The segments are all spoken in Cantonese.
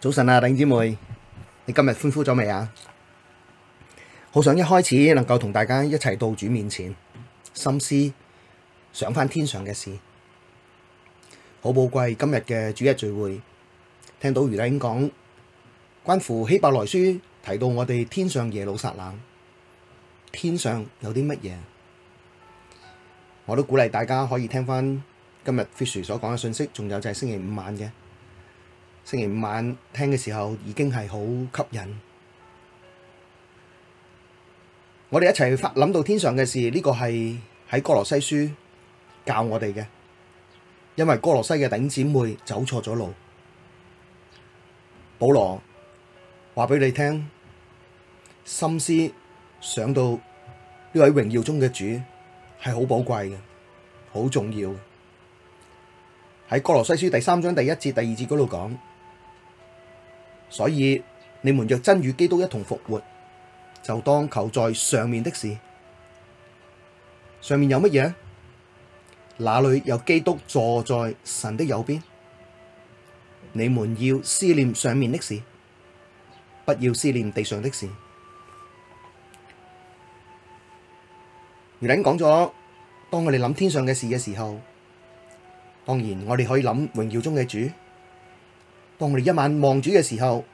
早晨啊，弟兄姊妹，你今日歡呼咗未啊？好想一開始能夠同大家一齊到主面前，心思想翻天上嘅事，好寶貴今日嘅主日聚會，聽到余麗英講，關乎希伯來書提到我哋天上耶路撒冷，天上有啲乜嘢？我都鼓勵大家可以聽翻今日 Fisher 所講嘅信息，仲有就係星期五晚嘅。星期五晚聽嘅時候已經係好吸引，我哋一齊去諗到天上嘅事，呢個係喺哥羅西書教我哋嘅，因為哥羅西嘅頂姊妹走錯咗路，保羅話俾你聽，心思想到呢位榮耀中嘅主係好寶貴嘅，好重要嘅，喺哥羅西書第三章第一節、第二節嗰度講。所以你們若真與基督一同復活，就當求在上面的事。上面有乜嘢？哪裏有基督坐在神的右邊？你們要思念上面的事，不要思念地上的事。如林講咗，當我哋諗天上嘅事嘅時候，當然我哋可以諗榮耀中嘅主。當我哋一眼望主嘅時候，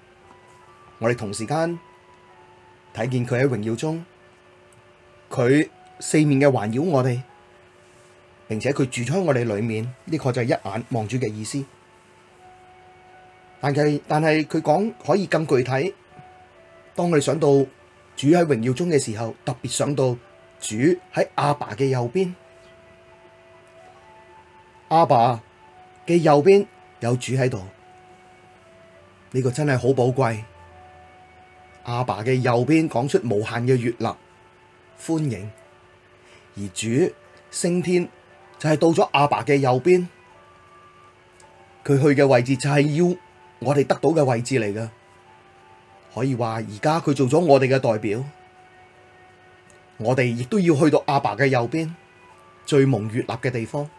我哋同時間睇見佢喺榮耀中，佢四面嘅環繞我哋，並且佢住喺我哋裏面，呢個就係一眼望主嘅意思。但係但係佢講可以更具體。當我哋想到主喺榮耀中嘅時候，特別想到主喺阿爸嘅右邊，阿爸嘅右邊有主喺度。呢個真係好寶貴，阿爸嘅右邊講出無限嘅悅納歡迎，而主升天就係到咗阿爸嘅右邊，佢去嘅位置就係要我哋得到嘅位置嚟㗎，可以話而家佢做咗我哋嘅代表，我哋亦都要去到阿爸嘅右邊，最蒙悅納嘅地方，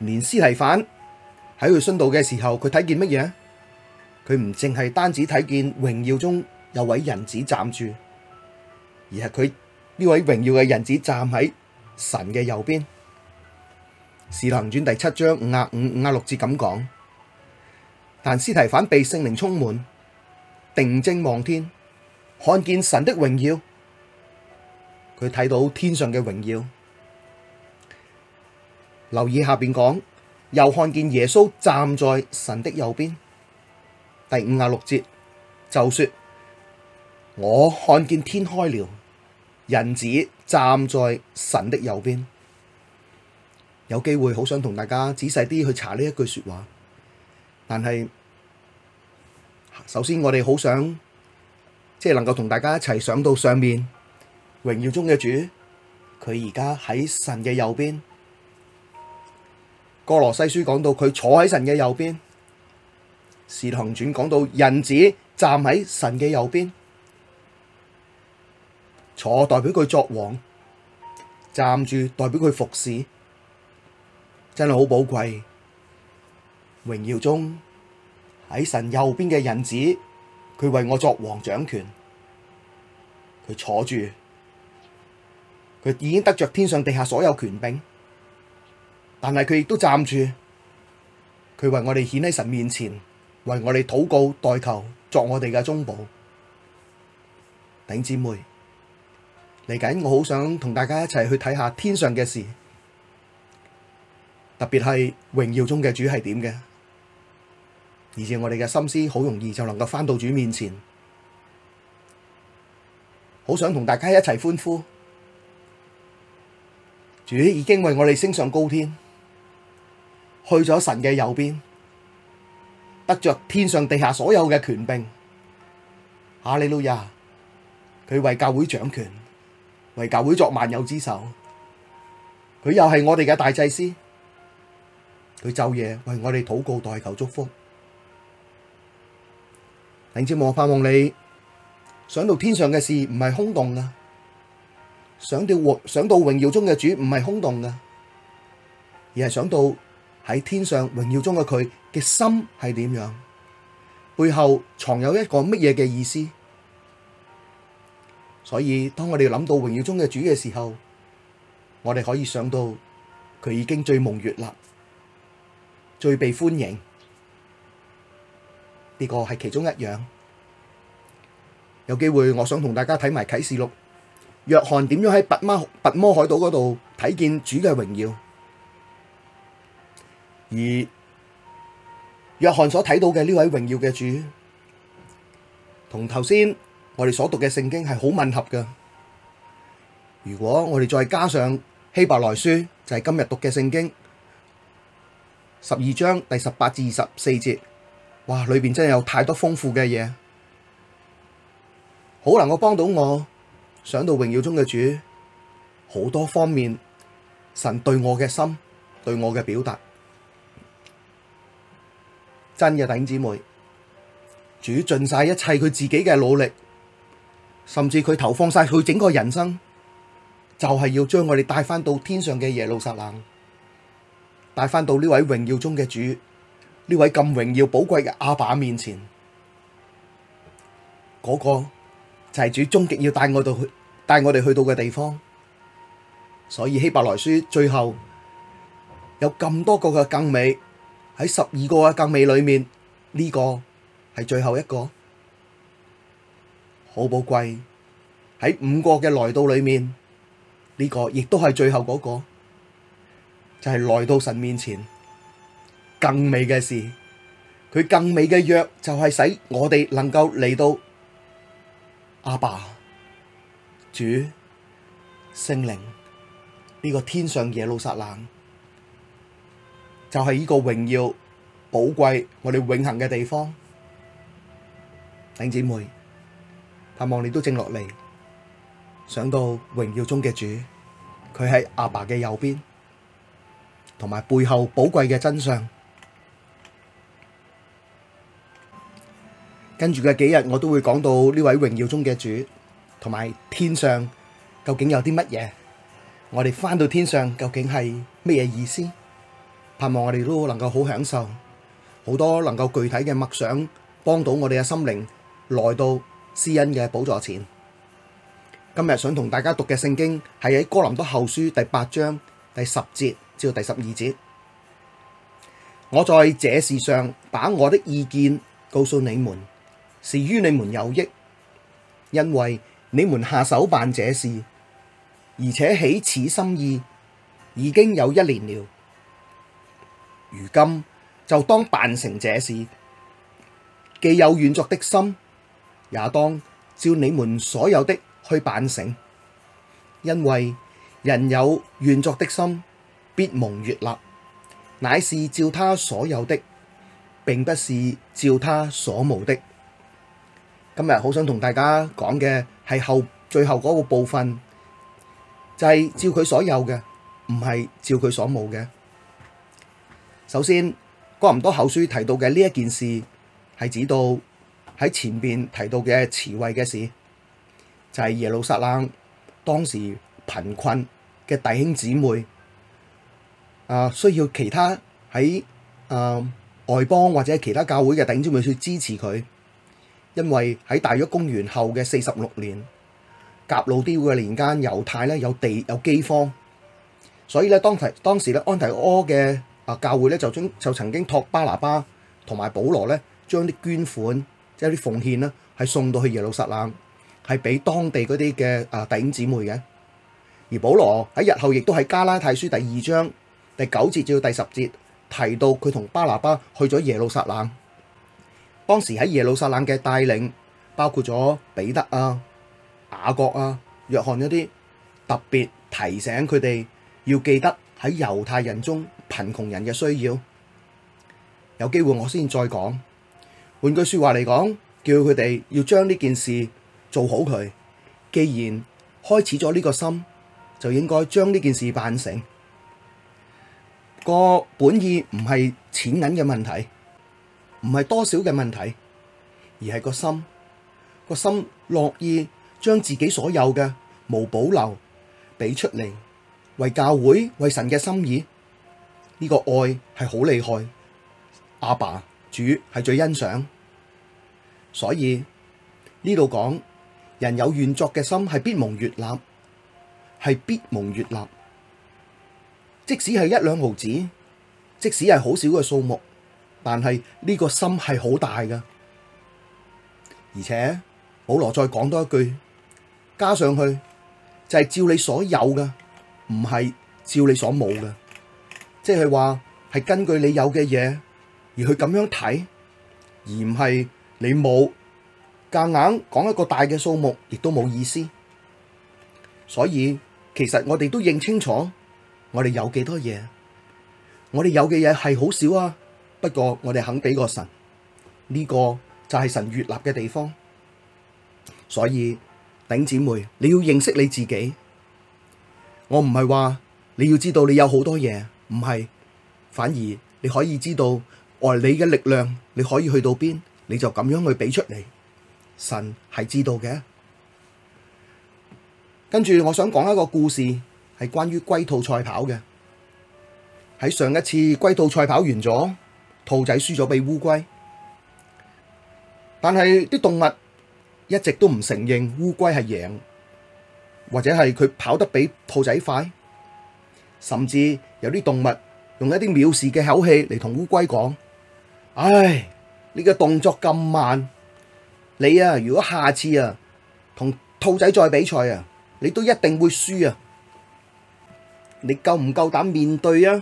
連司提反。喺佢殉道嘅時候，佢睇見乜嘢？佢唔淨係單止睇見榮耀中有位人子站住，而係佢呢位榮耀嘅人子站喺神嘅右邊。使徒行傳第七章五啊五五啊六節咁講，但司提反被聖靈充滿，定睛望天，看見神的榮耀。佢睇到天上嘅榮耀。留意下邊講。又看見耶穌站在神的右邊，第五十六節就說：我看見天開了，人子站在神的右邊。有機會好想同大家仔細啲去查呢一句說話，但係首先我哋好想即係、就是、能夠同大家一齊上到上面，榮耀中嘅主，佢而家喺神嘅右邊。哥羅西書講到佢坐喺神嘅右邊，使行傳講到人子站喺神嘅右邊，坐代表佢作王，站住代表佢服侍，真係好寶貴。榮耀中喺神右邊嘅人子，佢為我作王掌權，佢坐住，佢已經得着天上地下所有權柄。但係佢亦都站住，佢為我哋顯喺神面前，為我哋禱告代求，作我哋嘅中保。弟兄姊妹，嚟緊我好想同大家一齊去睇下天上嘅事，特別係榮耀中嘅主係點嘅，而且我哋嘅心思好容易就能夠返到主面前，好想同大家一齊歡呼，主已經為我哋升上高天。.去咗神嘅右邊，得着天上地下所有嘅權柄。哈利路亞！佢為教會掌權，為教會作萬有之首。佢又係我哋嘅大祭司，佢晝夜為我哋禱告代求祝福。林志摩我盼望你想到天上嘅事唔係空洞噶，想到榮想到榮耀中嘅主唔係空洞噶，而係想到。喺天上榮耀中嘅佢嘅心係點樣？背後藏有一個乜嘢嘅意思？所以當我哋諗到榮耀中嘅主嘅時候，我哋可以想到佢已經最蒙悅啦，最被歡迎。呢、這個係其中一樣。有機會我想同大家睇埋啟示錄，約翰點樣喺拔摩拔摩海島嗰度睇見主嘅榮耀？而約翰所睇到嘅呢位榮耀嘅主，同頭先我哋所讀嘅聖經係好吻合嘅。如果我哋再加上希伯來書，就係今日讀嘅聖經十二章第十八至二十四節，哇，裏邊真係有太多豐富嘅嘢，好能夠幫到我想到榮耀中嘅主，好多方面神對我嘅心、對我嘅表達。真嘅弟兄姊妹，主盡晒一切佢自己嘅努力，甚至佢投放晒佢整個人生，就係要將我哋帶翻到天上嘅耶路撒冷，帶翻到呢位榮耀中嘅主，呢位咁榮耀寶貴嘅阿爸面前，嗰個就係主終極要帶我哋去，帶我哋去到嘅地方。所以希伯來書最後有咁多個嘅更美。喺十二個嘅更美裏面，呢個係最後一個，好寶貴。喺五個嘅來到裏面，呢個亦都係最後嗰個，就係來到神面前更美嘅事。佢更美嘅約就係使我哋能夠嚟到阿爸、主、聖靈呢個天上耶路撒冷。就係呢個榮耀寶貴，我哋永恒嘅地方，弟兄姊妹，盼望你都靜落嚟，想到榮耀中嘅主，佢喺阿爸嘅右邊，同埋背後寶貴嘅真相。跟住嘅幾日，我都會講到呢位榮耀中嘅主，同埋天上究竟有啲乜嘢，我哋返到天上究竟係乜嘢意思？盼望我哋都能夠好享受，好多能夠具體嘅默想，幫到我哋嘅心靈來到施恩嘅寶座前。今日想同大家讀嘅聖經係喺哥林多後書第八章第十節至到第十二節。我在這事上把我的意見告訴你們，是於你們有益，因為你們下手辦這事，而且起此心意已經有一年了。如今就當辦成這事，既有願作的心，也當照你們所有的去辦成，因為人若有願作的心，必蒙悅納，乃是照他所有的，並不是照他所無的。今日好想同大家講嘅係後最後嗰個部分，就係照佢所有嘅，唔係照佢所冇嘅。首先，哥林多後書提到嘅呢一件事係指到喺前邊提到嘅慈惠嘅事，就係、是、耶路撒冷當時貧困嘅弟兄姊妹啊、呃，需要其他喺啊、呃、外邦或者其他教會嘅弟兄姊妹去支持佢，因為喺大約公元後嘅四十六年，革老丟嘅年間，猶太咧有地有饑荒，所以咧當提當時咧安提阿嘅。啊！教會咧就將就曾經託巴拿巴同埋保羅咧，將啲捐款即係啲奉獻啦，係送到去耶路撒冷，係俾當地嗰啲嘅啊弟兄姊妹嘅。而保羅喺日後亦都喺加拉太書第二章第九節至到第十節提到，佢同巴拿巴去咗耶路撒冷。當時喺耶路撒冷嘅帶領，包括咗彼得啊、雅各啊、約翰嗰啲，特別提醒佢哋要記得喺猶太人中貧窮人嘅需要，有機會我先再講。換句說話嚟講，叫佢哋要將呢件事做好佢。既然開始咗呢個心，就應該將呢件事辦成。個本意唔係錢銀嘅問題，唔係多少嘅問題，而係個心。個心樂意將自己所有嘅無保留俾出嚟，為教會，為神嘅心意。呢個愛係好厲害，阿爸主係最欣賞，所以呢度講人有願作嘅心係必蒙悅納，係必蒙悅納。即使係一兩毫子，即使係好少嘅數目，但係呢個心係好大噶。而且保羅再講多一句，加上去就係照你所有噶，唔係照你所冇噶。即係話係根據你有嘅嘢，而去咁樣睇，而唔係你冇夾硬講一個大嘅數目，亦都冇意思。所以其實我哋都認清楚我，我哋有幾多嘢，我哋有嘅嘢係好少啊。不過我哋肯俾個神呢、這個就係神悦納嘅地方。所以頂姊妹，你要認識你自己。我唔係話你要知道你有好多嘢。唔係，反而你可以知道，以你嘅力量你可以去到邊，你就咁樣去俾出嚟。神係知道嘅。跟住我想講一個故事，係關於龜兔賽跑嘅。喺上一次龜兔賽跑完咗，兔仔輸咗俾烏龜，但係啲動物一直都唔承認烏龜係贏，或者係佢跑得比兔仔快。甚至有啲動物用一啲藐視嘅口氣嚟同烏龜講：唉，你嘅動作咁慢，你啊，如果下次啊，同兔仔再比賽啊，你都一定會輸啊！你夠唔夠膽面對啊？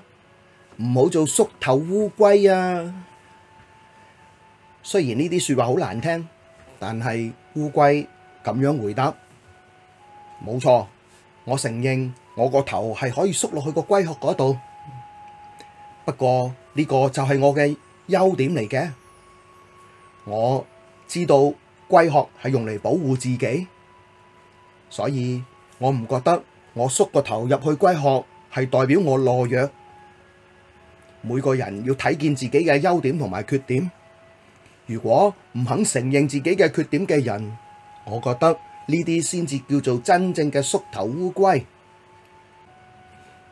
唔好做縮頭烏龜啊！雖然呢啲説話好難聽，但係烏龜咁樣回答，冇錯。我承認我個頭係可以縮落去個龜殼嗰度，不過呢個就係我嘅優點嚟嘅。我知道龜殼係用嚟保護自己，所以我唔覺得我縮個頭入去龜殼係代表我懦弱。每個人要睇見自己嘅優點同埋缺點，如果唔肯承認自己嘅缺點嘅人，我覺得。呢啲先至叫做真正嘅縮頭烏龜。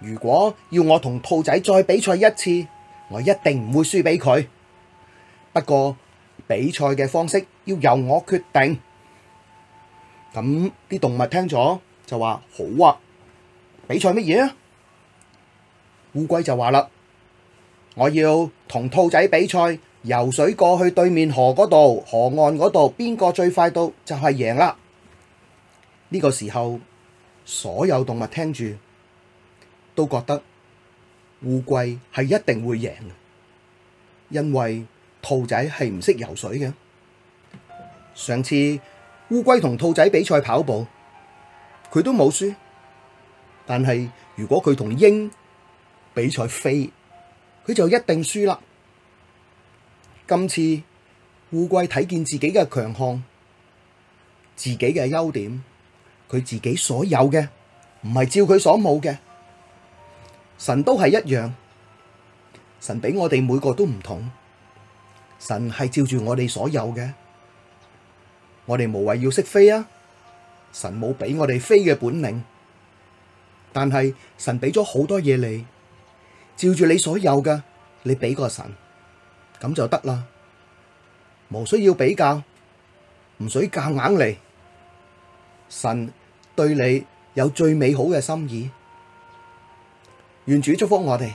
如果要我同兔仔再比賽一次，我一定唔會輸俾佢。不過比賽嘅方式要由我決定。咁啲動物聽咗就話好啊，比賽乜嘢啊？烏龜就話啦，我要同兔仔比賽，游水過去對面河嗰度，河岸嗰度，邊個最快到就係贏啦。呢個時候，所有動物聽住都覺得烏龜係一定會贏，因為兔仔係唔識游水嘅。上次烏龜同兔仔比賽跑步，佢都冇輸，但係如果佢同鷹比賽飛，佢就一定輸啦。今次烏龜睇見自己嘅強項，自己嘅優點。佢自己所有嘅，唔係照佢所冇嘅，神都係一樣。神俾我哋每個都唔同，神係照住我哋所有嘅。我哋無謂要識飛啊！神冇俾我哋飛嘅本領，但係神俾咗好多嘢你，照住你所有嘅，你俾個神咁就得啦，無需要比較，唔使夾硬嚟，神對你有最美好嘅心意，願主祝福我哋。